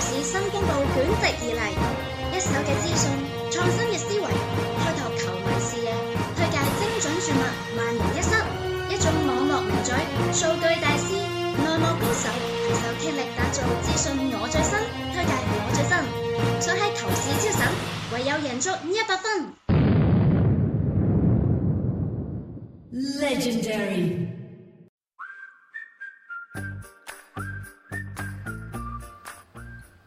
市新公報捲席而嚟，一手嘅資訊，創新嘅思維，開拓球迷視野，推介精準注物，萬無一失。一種網絡名嘴，數據大師，內幕高手，攜手傾力打造資訊我最新，推介我最新，想喺球市超神，唯有贏足一百分。Legendary。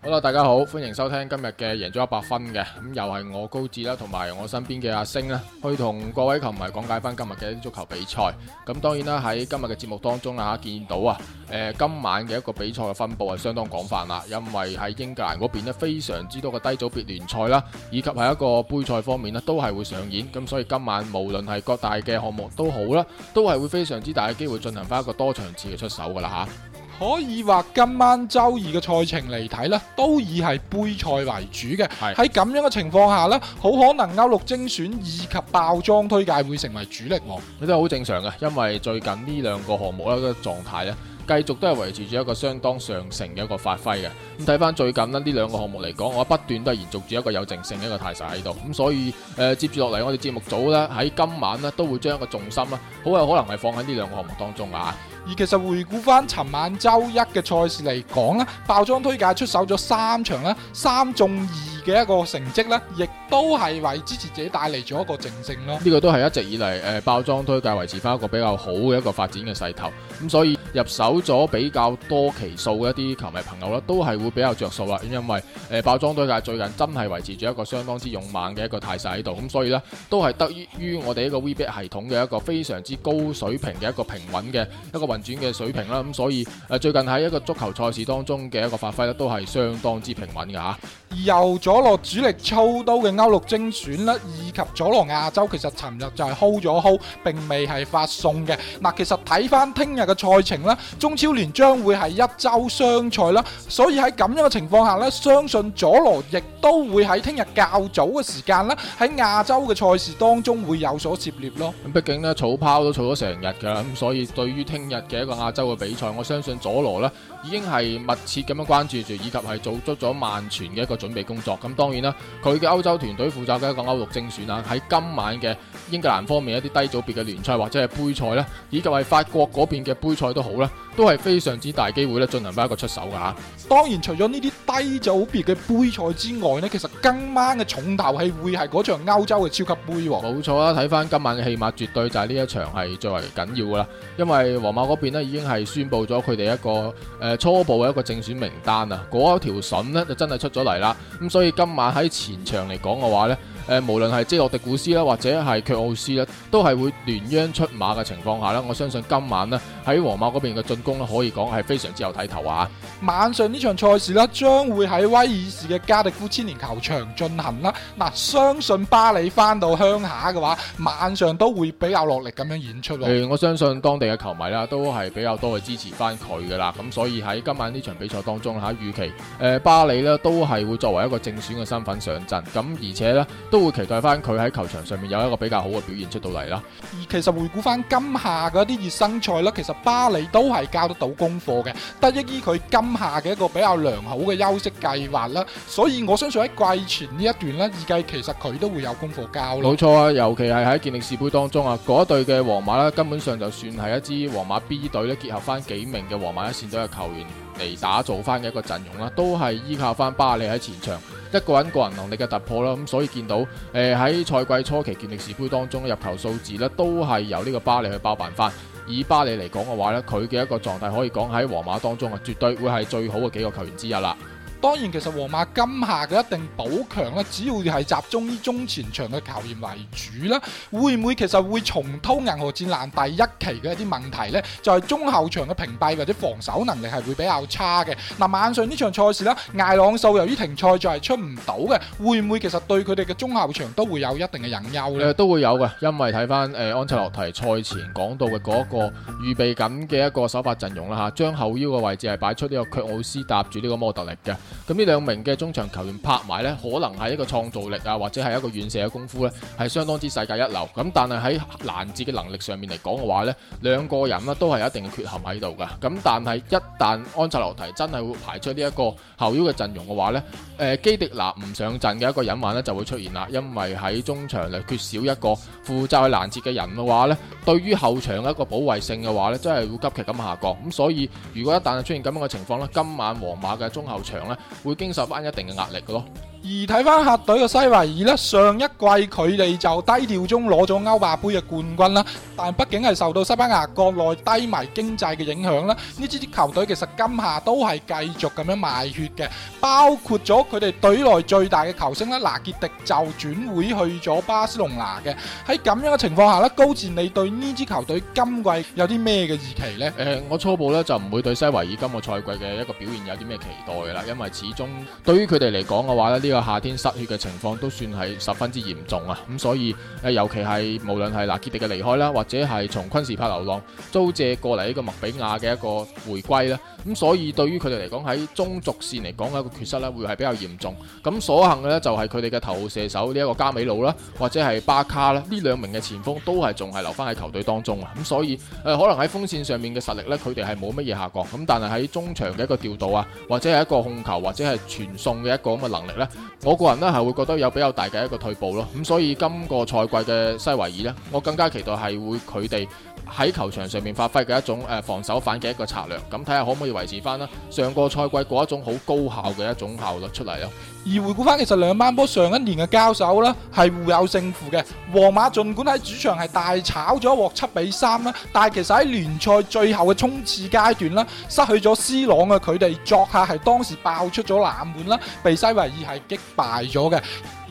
好啦，大家好，歡迎收聽今日嘅贏足 100FUN 嘅，咁又係我高志啦，同埋我身邊嘅阿星啦，去同各位球迷講解翻今日嘅足球比賽。咁當然啦，喺今日嘅節目當中啊，見到啊、呃，今晚嘅一個比賽嘅分布係相當廣泛啦，因為喺英格蘭嗰邊咧，非常之多嘅低組別聯賽啦，以及係一個杯賽方面都係會上演。咁所以今晚無論係各大嘅項目都好啦，都係會非常之大嘅機會進行翻一個多場次嘅出手噶啦吓。可以話今晚周二嘅賽程嚟睇呢，都以係杯賽為主嘅。喺咁是樣嘅情況下呢，好可能歐陸精選以及爆裝推介會成為主力喎。呢啲係好正常嘅，因為最近這兩項呢兩個項目咧嘅狀態呢繼續都係維持住一個相當上乘嘅一個發揮嘅。咁睇翻最近咧呢兩個項目嚟講，我不斷都係延續住一個有勁性嘅一個態勢喺度。咁所以誒、呃、接住落嚟，我哋節目組呢，喺今晚呢，都會將一個重心呢，好有可能係放喺呢兩個項目當中啊。而其實回顧翻尋晚週一嘅賽事嚟講啦，爆裝推介出手咗三場啦，三中二嘅一個成績咧，亦都係為支持者帶嚟咗一個正勝咯。呢個都係一直以嚟誒爆裝推介維持翻一個比較好嘅一個發展嘅勢頭。咁所以入手咗比較多期數嘅一啲球迷朋友啦，都係會比較著數啦，因為誒爆裝推介最近真係維持住一個相當之勇猛嘅一個態勢喺度。咁所以咧，都係得益於我哋一個 VBET 系統嘅一個非常之高水平嘅一個平穩嘅一個運轉嘅水平啦，咁所以誒最近喺一個足球賽事當中嘅一個發揮咧，都係相當之平穩嘅吓。由佐羅主力操刀嘅歐陸精選啦，以及佐羅亞洲，其實尋日就係 hold 咗 hold，並未係發送嘅。嗱，其實睇翻聽日嘅賽程咧，中超聯將會係一周雙賽啦，所以喺咁樣嘅情況下咧，相信佐羅亦都會喺聽日較早嘅時間咧，喺亞洲嘅賽事當中會有所涉獵咯。畢竟咧，草拋都草咗成日噶啦，咁所以對於聽日。嘅一個亞洲嘅比賽，我相信佐羅呢已經係密切咁樣關注住，以及係做足咗萬全嘅一個準備工作。咁當然啦，佢嘅歐洲團隊負責嘅一個歐陸精選啊，喺今晚嘅英格蘭方面一啲低組別嘅聯賽或者係杯賽咧，以及係法國嗰邊嘅杯賽都好咧，都係非常之大機會咧，進行翻一個出手噶。當然，除咗呢啲低組別嘅杯賽之外呢，其實今晚嘅重頭戲會係嗰場歐洲嘅超級杯喎。冇錯啦，睇翻今晚嘅戲碼，絕對就係呢一場係最為緊要噶啦，因為皇馬。嗰邊咧已經係宣布咗佢哋一個誒、呃、初步嘅一個正選名單啊，嗰一條筍咧就真係出咗嚟啦，咁所以今晚喺前場嚟講嘅話呢。誒、呃，無論係傑洛迪古斯啦，或者係卻奧斯啦，都係會聯央出馬嘅情況下啦，我相信今晚呢，喺皇馬嗰邊嘅進攻咧，可以講係非常之有睇頭啊！晚上這場賽呢場賽事咧，將會喺威爾士嘅加迪夫千年球場進行啦。嗱、啊，相信巴里翻到鄉下嘅話，晚上都會比較落力咁樣演出咯、呃。我相信當地嘅球迷啦，都係比較多去支持翻佢噶啦。咁所以喺今晚呢場比賽當中吓，預期誒巴里呢，都係會作為一個正選嘅身份上陣，咁而且呢。都會期待翻佢喺球場上面有一個比較好嘅表現出到嚟啦。而其實回顧翻今夏嘅啲熱身賽啦，其實巴里都係交得到功課嘅，得益於佢今夏嘅一個比較良好嘅休息計劃啦。所以我相信喺季前呢一段咧，預計其實佢都會有功課交。冇錯啊，尤其係喺健力士杯當中啊，嗰隊嘅皇馬啦，根本上就算係一支皇馬 B 隊咧，結合翻幾名嘅皇馬一線隊嘅球員。嚟打造翻嘅一個陣容啦，都係依靠翻巴里喺前場一個人個人能力嘅突破啦，咁所以見到誒喺賽季初期健力士杯當中入球數字咧，都係由呢個巴里去包辦翻。以巴里嚟講嘅話呢，佢嘅一個狀態可以講喺皇馬當中啊，絕對會係最好嘅幾個球員之一啦。當然，其實皇馬今夏嘅一定補強咧，主要係集中於中前場嘅球員為主啦。會唔會其實會重蹈銀河戰艦第一期嘅一啲問題咧？就係、是、中後場嘅屏蔽或者防守能力係會比較差嘅。嗱、啊，晚上呢場賽事咧，艾朗素由於停賽就係出唔到嘅。會唔會其實對佢哋嘅中後場都會有一定嘅隱憂呢？都會有嘅，因為睇翻誒安切洛提賽前講到嘅嗰個預備緊嘅一個首發陣容啦嚇，將、啊、後腰嘅位置係擺出呢個卻奧斯搭住呢個摩德力嘅。咁呢兩名嘅中場球員拍埋呢，可能係一個創造力啊，或者係一個遠射嘅功夫呢，係相當之世界一流。咁但係喺攔截嘅能力上面嚟講嘅話呢，兩個人呢都係有一定嘅缺陷喺度噶。咁但係一旦安切洛蒂真係會排出呢一個後腰嘅陣容嘅話呢，呃、基迪拿唔上陣嘅一個隱患呢就會出現啦。因為喺中場嚟，缺少一個負責去攔截嘅人嘅話呢，對於後場嘅一個保衛性嘅話呢，真係會急劇咁下降。咁所以如果一旦係出現咁樣嘅情況呢，今晚皇馬嘅中後場呢。會經受翻一定嘅壓力嘅咯。而睇翻客隊嘅西維爾咧，上一季佢哋就低調中攞咗歐霸盃嘅冠軍啦。但畢竟係受到西班牙國內低迷經濟嘅影響啦，呢支球隊其實今夏都係繼續咁樣賣血嘅，包括咗佢哋隊內最大嘅球星咧，拿傑迪就轉會去咗巴塞隆拿嘅。喺咁樣嘅情況下咧，高志你對呢支球隊今季有啲咩嘅預期咧？誒，我初步咧就唔會對西維爾今個賽季嘅一個表現有啲咩期待啦，因為始終對於佢哋嚟講嘅話咧呢。夏天失血嘅情況都算係十分之嚴重啊！咁所以誒、呃，尤其係無論係納吉迪嘅離開啦，或者係從昆士柏流浪租借過嚟呢個麥比亞嘅一個回歸啦。咁所以對於佢哋嚟講喺中軸線嚟講嘅一個缺失呢，會係比較嚴重。咁所幸嘅呢，就係佢哋嘅頭號射手呢一、這個加美魯啦，或者係巴卡啦，呢兩名嘅前鋒都係仲係留翻喺球隊當中啊！咁所以誒、呃，可能喺鋒線上面嘅實力呢，佢哋係冇乜嘢下降。咁但係喺中場嘅一個調度啊，或者係一個控球或者係傳送嘅一個咁嘅能力呢。我個人呢係會覺得有比較大嘅一個退步咯，咁所以今個賽季嘅西維爾呢，我更加期待係會佢哋，喺球場上面發揮嘅一種誒防守反擊嘅一個策略，咁睇下可唔可以維持翻啦，上個賽季嗰一種好高效嘅一種效率出嚟咯。而回顧翻，其實兩班波上一年嘅交手咧，係互有勝負嘅。皇馬盡管喺主場係大炒咗一鑊七比三啦，但係其實喺聯賽最後嘅衝刺階段啦，失去咗 C 朗嘅佢哋作客係當時爆出咗冷門啦，被西維爾係擊敗咗嘅。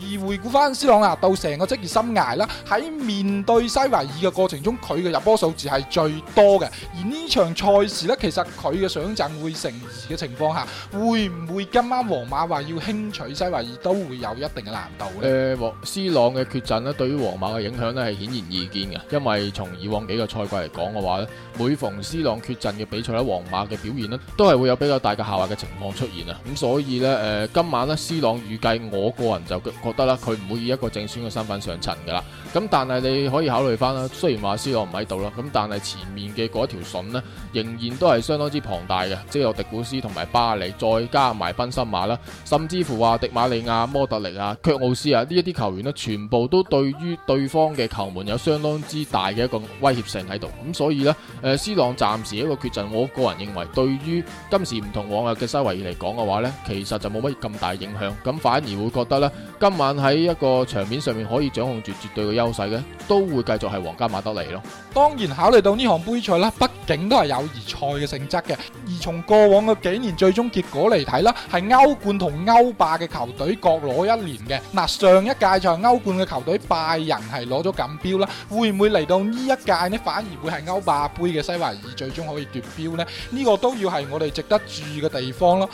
而回顧翻斯朗啦，到成個職業生涯啦，喺面對西維爾嘅過程中，佢嘅入波數字係最多嘅。而呢場賽事呢，其實佢嘅上陣會成疑嘅情況下，會唔會今晚皇馬話要輕取西維爾都會有一定嘅難度呢？誒、呃，斯朗嘅缺陣呢，對於皇馬嘅影響呢係顯然易見嘅。因為從以往幾個賽季嚟講嘅話咧，每逢斯朗缺陣嘅比賽呢，皇馬嘅表現呢都係會有比較大嘅下滑嘅情況出現啊。咁所以呢，誒、呃、今晚呢，斯朗預計我個人就得啦，佢唔會以一個正選嘅身份上場㗎啦。咁但係你可以考慮翻啦，雖然話斯朗唔喺度啦，咁但係前面嘅嗰一條筍咧，仍然都係相當之龐大嘅，即係有迪古斯同埋巴利，再加埋賓森馬啦，甚至乎話迪馬利亞、摩特力啊、卻奧斯啊呢一啲球員呢，全部都對於對方嘅球門有相當之大嘅一個威脅性喺度。咁所以呢，誒斯朗暫時一個缺陣，我個人認為對於今時唔同往日嘅西維爾嚟講嘅話呢，其實就冇乜咁大影響，咁反而會覺得呢，今晚喺一個場面上面可以掌控住絕對嘅優勢嘅都會繼續係皇家馬德里咯。當然考慮到呢項杯賽啦，畢竟都係友誼賽嘅性質嘅。而從過往嘅幾年最終結果嚟睇啦，係歐冠同歐霸嘅球隊各攞一年嘅。嗱，上一屆就係歐冠嘅球隊拜仁係攞咗錦標啦。會唔會嚟到呢一屆呢？反而會係歐霸杯嘅西華爾最終可以奪標呢？呢個都要係我哋值得注意嘅地方咯。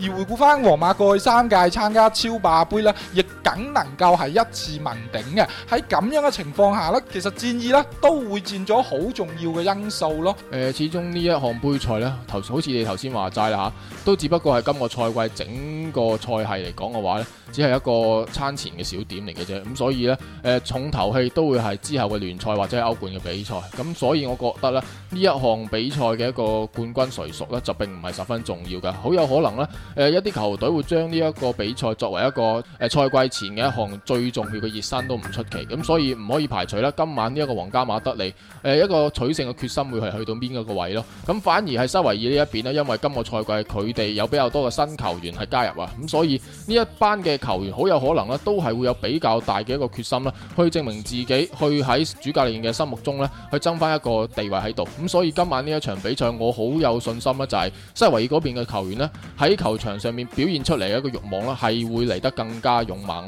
而回顧翻皇馬過去三屆參加超霸杯啦，亦梗能夠係一次問鼎嘅喺咁樣嘅情況下咧，其實戰意咧都會佔咗好重要嘅因素咯。誒、呃、始終呢一項杯賽咧，頭好似你頭先話齋啦吓都只不過係今個賽季整個賽係嚟講嘅話咧，只係一個餐前嘅小點嚟嘅啫。咁、啊、所以咧，誒、呃、重頭戲都會係之後嘅聯賽或者係歐冠嘅比賽，咁、啊、所以我覺得咧，呢一項比賽嘅一個冠軍誰屬咧，就並唔係十分重要嘅。好有可能咧，誒、呃、一啲球隊會將呢一個比賽作為一個誒、呃、賽季。前嘅一項最重要嘅熱身都唔出奇，咁所以唔可以排除啦。今晚呢一個皇家馬德里，誒、呃、一個取勝嘅決心會係去到邊一個位咯？咁反而係塞維爾呢一邊咧，因為今個賽季佢哋有比較多嘅新球員係加入啊，咁所以呢一班嘅球員好有可能咧，都係會有比較大嘅一個決心啦，去證明自己，去喺主教練嘅心目中咧，去爭翻一個地位喺度。咁所以今晚呢一場比賽，我好有信心啦，就係塞維爾嗰邊嘅球員咧，喺球場上面表現出嚟一個欲望啦，係會嚟得更加勇猛。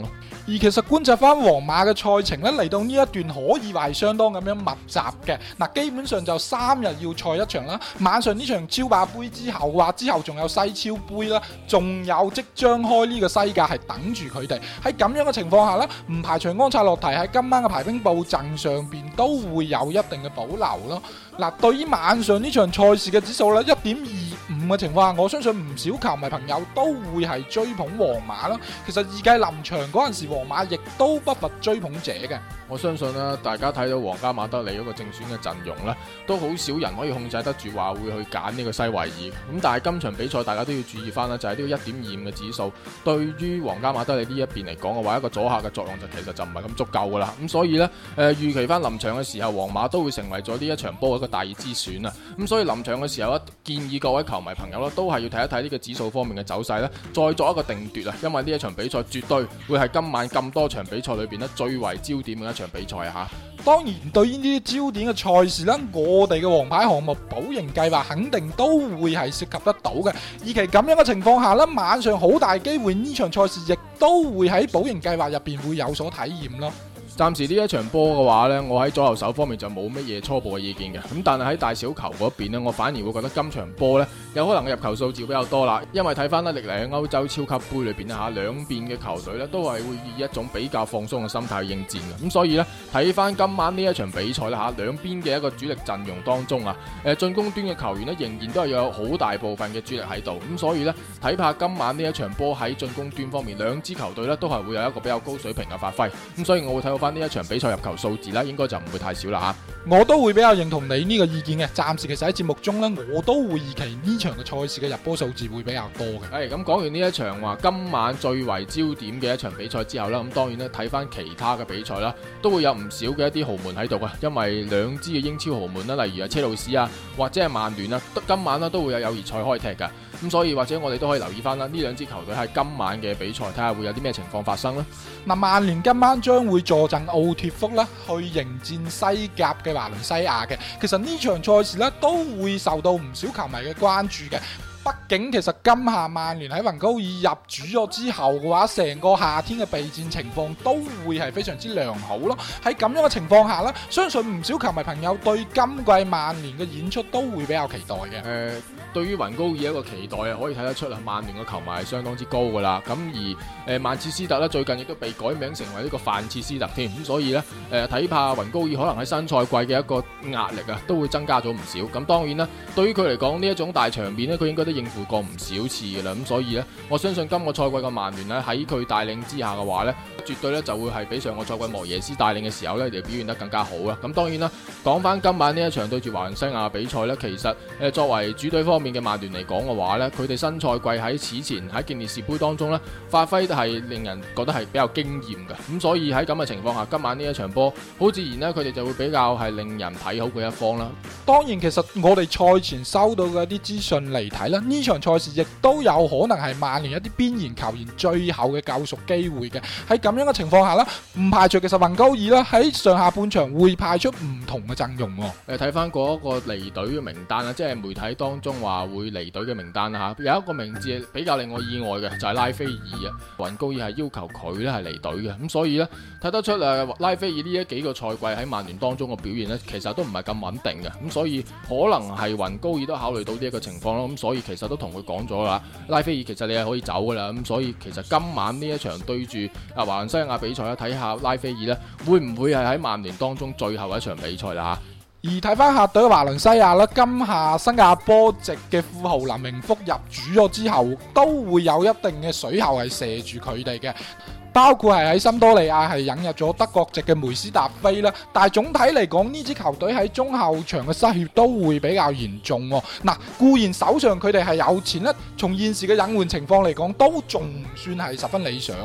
而其實觀察翻皇馬嘅賽程咧，嚟到呢一段可以話係相當咁樣密集嘅，嗱基本上就三日要賽一場啦。晚上呢場超霸杯之後，話之後仲有西超杯啦，仲有即將開呢個西甲係等住佢哋。喺咁樣嘅情況下呢，唔排除安察洛堤喺今晚嘅排兵布陣上邊都會有一定嘅保留咯。嗱，對於晚上呢場賽事嘅指數呢，一點二五嘅情況下，我相信唔少球迷朋友都會係追捧皇馬啦。其實二計臨場。嗰陣時，皇馬亦都不乏追捧者嘅。我相信咧，大家睇到皇家馬德里嗰個正選嘅陣容咧，都好少人可以控制得住話會去揀呢個西維爾。咁但係今場比賽，大家都要注意翻咧，就係、是、呢個一點二五嘅指數，對於皇家馬德里呢一邊嚟講嘅話，一個阻嚇嘅作用就其實就唔係咁足夠噶啦。咁所以呢，誒、呃、預期翻臨場嘅時候，皇馬都會成為咗呢一場波一個大熱之選啊。咁所以臨場嘅時候呢，一建議各位球迷朋友啦，都係要睇一睇呢個指數方面嘅走勢咧，再作一個定奪啊。因為呢一場比賽絕對會係今晚咁多場比賽裏邊咧，最為焦點嘅一場比賽啊！吓，當然對於呢啲焦點嘅賽事咧，我哋嘅王牌項目保贏計劃肯定都會係涉及得到嘅。而其咁樣嘅情況下咧，晚上好大機會呢場賽事亦都會喺保贏計劃入邊會有所體驗咯。暫時呢一場波嘅話呢，我喺左右手方面就冇乜嘢初步嘅意見嘅。咁但係喺大小球嗰邊咧，我反而會覺得今場波呢，有可能入球數字比較多啦。因為睇翻呢，歷嚟喺歐洲超級杯裏邊呢，嚇，兩邊嘅球隊呢都係會以一種比較放鬆嘅心態去應戰嘅。咁所以呢，睇翻今晚呢一場比賽啦嚇，兩邊嘅一個主力陣容當中啊，誒，進攻端嘅球員呢仍然都係有好大部分嘅主力喺度。咁所以呢，睇怕今晚呢一場波喺進攻端方面，兩支球隊呢都係會有一個比較高水平嘅發揮。咁所以我會睇到。呢一場比賽入球數字啦，應該就唔會太少啦嚇、啊。我都會比較認同你呢個意見嘅。暫時其實喺節目中呢，我都會預期呢場嘅賽事嘅入波數字會比較多嘅。誒、哎，咁講完呢一場話，今晚最為焦點嘅一場比賽之後啦，咁當然咧睇翻其他嘅比賽啦，都會有唔少嘅一啲豪門喺度啊。因為兩支嘅英超豪門啦，例如啊車路士啊，或者係曼聯啊，今晚咧都會有友誼賽開踢嘅。咁、嗯、所以或者我哋都可以留意翻啦，呢兩支球隊喺今晚嘅比賽，睇下會有啲咩情況發生咧。嗱，曼聯今晚將會坐。奧脱福啦，去迎戰西甲嘅華倫西亞嘅，其實呢場賽事咧都會受到唔少球迷嘅關注嘅。畢竟其實今夏曼聯喺雲高爾入主咗之後嘅話，成個夏天嘅備戰情況都會係非常之良好咯。喺咁樣嘅情況下啦，相信唔少球迷朋友對今季曼聯嘅演出都會比較期待嘅。呃對於雲高爾一個期待啊，可以睇得出啊，曼聯嘅球迷係相當之高噶啦。咁而誒、呃、曼徹斯特呢，最近亦都被改名成為呢個范切斯特添。咁所以呢，誒、呃、睇怕雲高爾可能喺新賽季嘅一個壓力啊，都會增加咗唔少。咁當然啦，對於佢嚟講呢一種大場面呢，佢應該都應付過唔少次噶啦。咁所以呢，我相信今個賽季嘅曼聯呢，喺佢帶領之下嘅話呢，絕對呢就會係比上個賽季莫耶斯帶領嘅時候呢，嚟表現得更加好啊。咁當然啦，講翻今晚呢一場對住華倫西亞比賽呢，其實誒作為主隊方面嘅曼聯嚟講嘅話咧，佢哋新賽季喺此前喺健力士盃當中咧，發揮係令人覺得係比較驚艷嘅，咁所以喺咁嘅情況下，今晚呢一場波，好自然咧，佢哋就會比較係令人睇好佢一方啦。當然，其實我哋賽前收到嘅一啲資訊嚟睇啦，呢場賽事亦都有可能係曼聯一啲邊緣球員最後嘅救贖機會嘅。喺咁樣嘅情況下咧，唔排除其實雲高爾啦喺上下半場會派出唔同嘅陣容。你睇翻嗰個離隊嘅名單啊，即係媒體當中。話會離隊嘅名單吓，有一個名字比較令我意外嘅就係拉菲爾啊，雲高爾係要求佢咧係離隊嘅，咁所以呢，睇得出咧拉菲爾呢一幾個賽季喺曼聯當中嘅表現呢，其實都唔係咁穩定嘅，咁所以可能係雲高爾都考慮到呢一個情況咯，咁所以其實都同佢講咗啦，拉菲爾其實你係可以走噶啦，咁所以其實今晚呢一場對住啊華倫西亞比賽啦，睇下拉菲爾呢會唔會係喺曼聯當中最後一場比賽啦吓。而睇翻客隊華倫西亞啦，今夏新加坡籍嘅富豪林榮福入主咗之後，都會有一定嘅水喉係射住佢哋嘅，包括係喺森多利亞係引入咗德國籍嘅梅斯達菲啦。但係總體嚟講，呢支球隊喺中後場嘅失血都會比較嚴重。嗱，固然手上佢哋係有錢啦，從現時嘅隱患情況嚟講，都仲算係十分理想。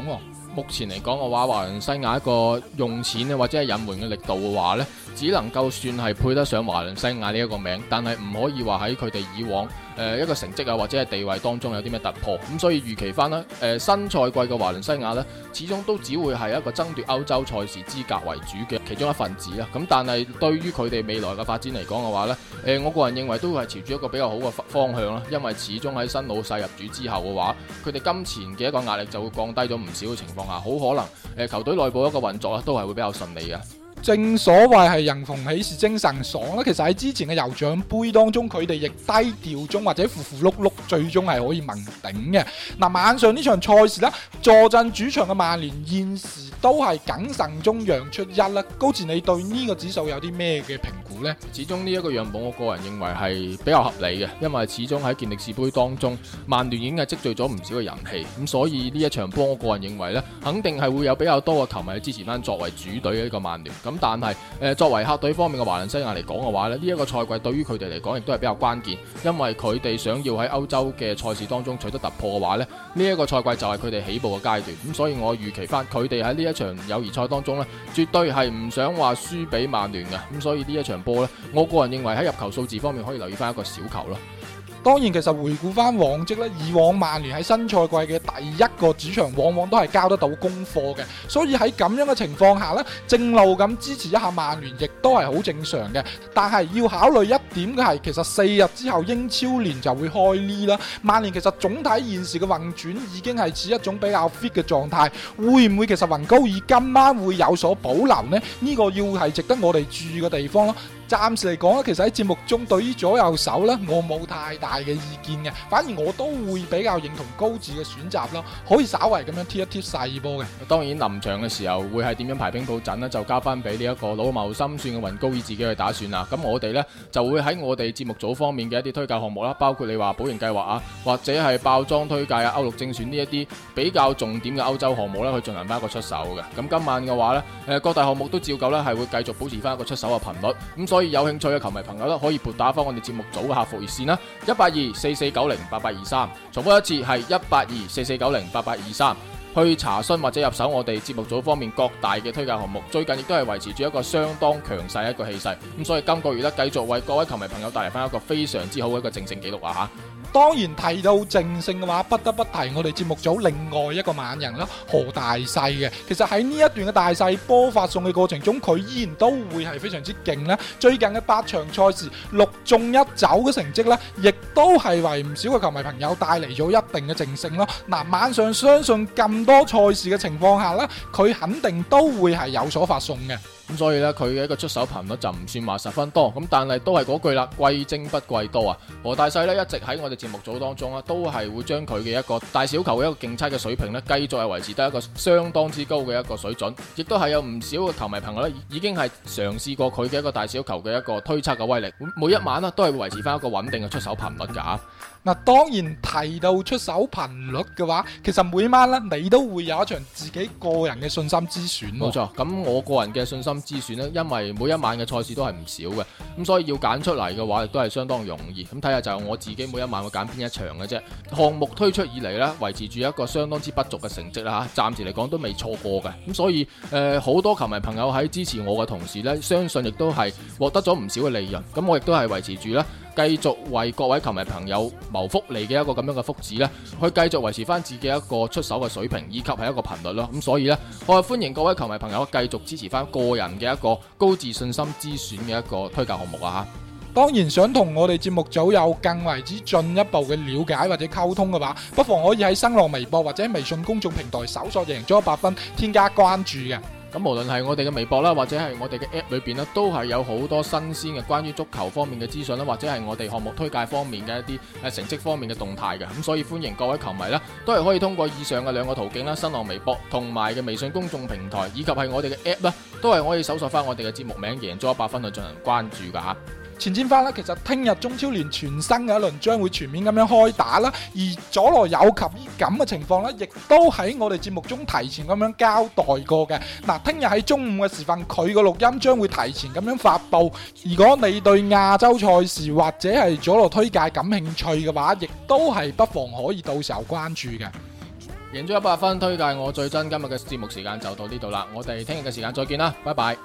目前嚟講嘅話，華倫西亞一個用錢或者係隱瞞嘅力度嘅話咧，只能夠算係配得上華倫西亞呢一個名，但係唔可以話喺佢哋以往。誒、呃、一個成績啊，或者係地位當中有啲咩突破咁、嗯，所以預期翻啦。誒、呃、新賽季嘅華倫西亞呢，始終都只會係一個爭奪歐洲賽事資格為主嘅其中一份子啦。咁但係對於佢哋未來嘅發展嚟講嘅話呢，誒、呃、我個人認為都係朝住一個比較好嘅方向啦。因為始終喺新老細入主之後嘅話，佢哋金錢嘅一個壓力就會降低咗唔少嘅情況下，好可能誒、呃、球隊內部一個運作都係會比較順利嘅。正所謂係人逢喜事精神爽啦，其實喺之前嘅酋長杯當中，佢哋亦低調中或者符符碌碌，最終係可以問鼎嘅。嗱、啊，晚上呢場賽事啦，坐鎮主場嘅曼聯現時都係謹慎中揚出一啦。高志，你對呢個指數有啲咩嘅評？始終呢一個讓步，我個人認為係比較合理嘅，因為始終喺健力士杯當中，曼聯已經係積聚咗唔少嘅人氣，咁所以呢一場波，我個人認為咧，肯定係會有比較多嘅球迷支持翻作為主隊嘅呢個曼聯。咁但係誒、呃，作為客隊方面嘅華倫西亞嚟講嘅話咧，呢、這、一個賽季對於佢哋嚟講亦都係比較關鍵，因為佢哋想要喺歐洲嘅賽事當中取得突破嘅話咧，呢、這、一個賽季就係佢哋起步嘅階段。咁所以我預期翻佢哋喺呢一場友誼賽當中咧，絕對係唔想話輸俾曼聯嘅。咁所以呢一場波，我個人認為喺入球數字方面可以留意翻一個小球咯。當然，其實回顧翻往績咧，以往曼聯喺新賽季嘅第一個主場，往往都係交得到功課嘅。所以喺咁樣嘅情況下咧，正路咁支持一下曼聯，亦都係好正常嘅。但係要考慮一點嘅係，其實四日之後英超聯就會開呢啦。曼聯其實總體現時嘅運轉已經係似一種比較 fit 嘅狀態，會唔會其實雲高爾今晚會有所保留呢？呢、呢個要係值得我哋注意嘅地方咯。暫時嚟講咧，其實喺節目中對於左右手呢，我冇太大嘅意見嘅，反而我都會比較認同高志嘅選擇咯，可以稍微咁樣貼一貼細波嘅。當然臨場嘅時候會係點樣排兵布陣呢？就交翻俾呢一個老謀深算嘅雲高爾自己去打算啦。咁我哋呢，就會喺我哋節目組方面嘅一啲推介項目啦，包括你話保盈計劃啊，或者係爆裝推介啊、歐陸正選呢一啲比較重點嘅歐洲項目呢，去進行翻一個出手嘅。咁今晚嘅話呢，誒各大項目都照舊呢，係會繼續保持翻一個出手嘅頻率。咁所以所以有興趣嘅球迷朋友都可以撥打翻我哋節目組嘅客服熱線啦，一八二四四九零八八二三，23，重複一次係一八二四四九零八八二三，23，去查詢或者入手我哋節目組方面各大嘅推介項目，最近亦都係維持住一個相當強勢一個氣勢，咁所以今個月咧繼續為各位球迷朋友帶嚟翻一個非常之好嘅一個正勝記錄啊吓。當然提到正勝嘅話，不得不提我哋節目組另外一個猛人啦，何大細嘅。其實喺呢一段嘅大細波發送嘅過程中，佢依然都會係非常之勁咧。最近嘅八場賽事六中一走嘅成績咧，亦都係為唔少嘅球迷朋友帶嚟咗一定嘅正勝咯。嗱，晚上相信咁多賽事嘅情況下啦，佢肯定都會係有所發送嘅。咁所以咧，佢嘅一個出手頻率就唔算話十分多，咁但係都係嗰句啦，貴精不貴多啊。何大細咧一直喺我哋。節目組當中呢都係會將佢嘅一個大小球嘅一個競猜嘅水平呢繼續係維持得一個相當之高嘅一個水準，亦都係有唔少嘅球迷朋友呢，已經係嘗試過佢嘅一個大小球嘅一個推測嘅威力。每一晚啦，都係維持翻一個穩定嘅出手頻率噶。嗱，當然提到出手頻率嘅話，其實每一晚呢，你都會有一場自己個人嘅信心之選。冇錯，咁我個人嘅信心之選呢，因為每一晚嘅賽事都係唔少嘅，咁所以要揀出嚟嘅話，亦都係相當容易。咁睇下就係我自己每一晚。揀邊一場嘅啫，項目推出以嚟呢，維持住一個相當之不俗嘅成績啦吓，暫時嚟講都未錯過嘅，咁所以誒，好多球迷朋友喺支持我嘅同時呢，相信亦都係獲得咗唔少嘅利潤，咁我亦都係維持住呢，繼續為各位球迷朋友謀福利嘅一個咁樣嘅福祉呢，去繼續維持翻自己一個出手嘅水平，以及係一個頻率咯。咁所以呢，我係歡迎各位球迷朋友繼續支持翻個人嘅一個高自信心之選嘅一個推介項目啊。當然想同我哋節目組有更為之進一步嘅了解或者溝通嘅話，不妨可以喺新浪微博或者微信公眾平台搜索贏咗一百分，添加關注嘅。咁無論係我哋嘅微博啦，或者係我哋嘅 App 裏面都係有好多新鮮嘅關於足球方面嘅資訊啦，或者係我哋項目推介方面嘅一啲成績方面嘅動態嘅。咁所以歡迎各位球迷啦，都係可以通過以上嘅兩個途徑啦，新浪微博同埋嘅微信公眾平台，以及係我哋嘅 App 啦，都係可以搜索翻我哋嘅節目名贏咗一百分去進行關注㗎吓前瞻翻啦，其實聽日中超聯全新嘅一輪將會全面咁樣開打啦。而佐羅有及於咁嘅情況咧，亦都喺我哋節目中提前咁樣交代過嘅。嗱，聽日喺中午嘅時分，佢個錄音將會提前咁樣發佈。如果你對亞洲賽事或者係佐羅推介感興趣嘅話，亦都係不妨可以到時候關注嘅。贏足 100FUN 推介，我最真今日嘅節目時間就到呢度啦。我哋聽日嘅時間再見啦，拜拜。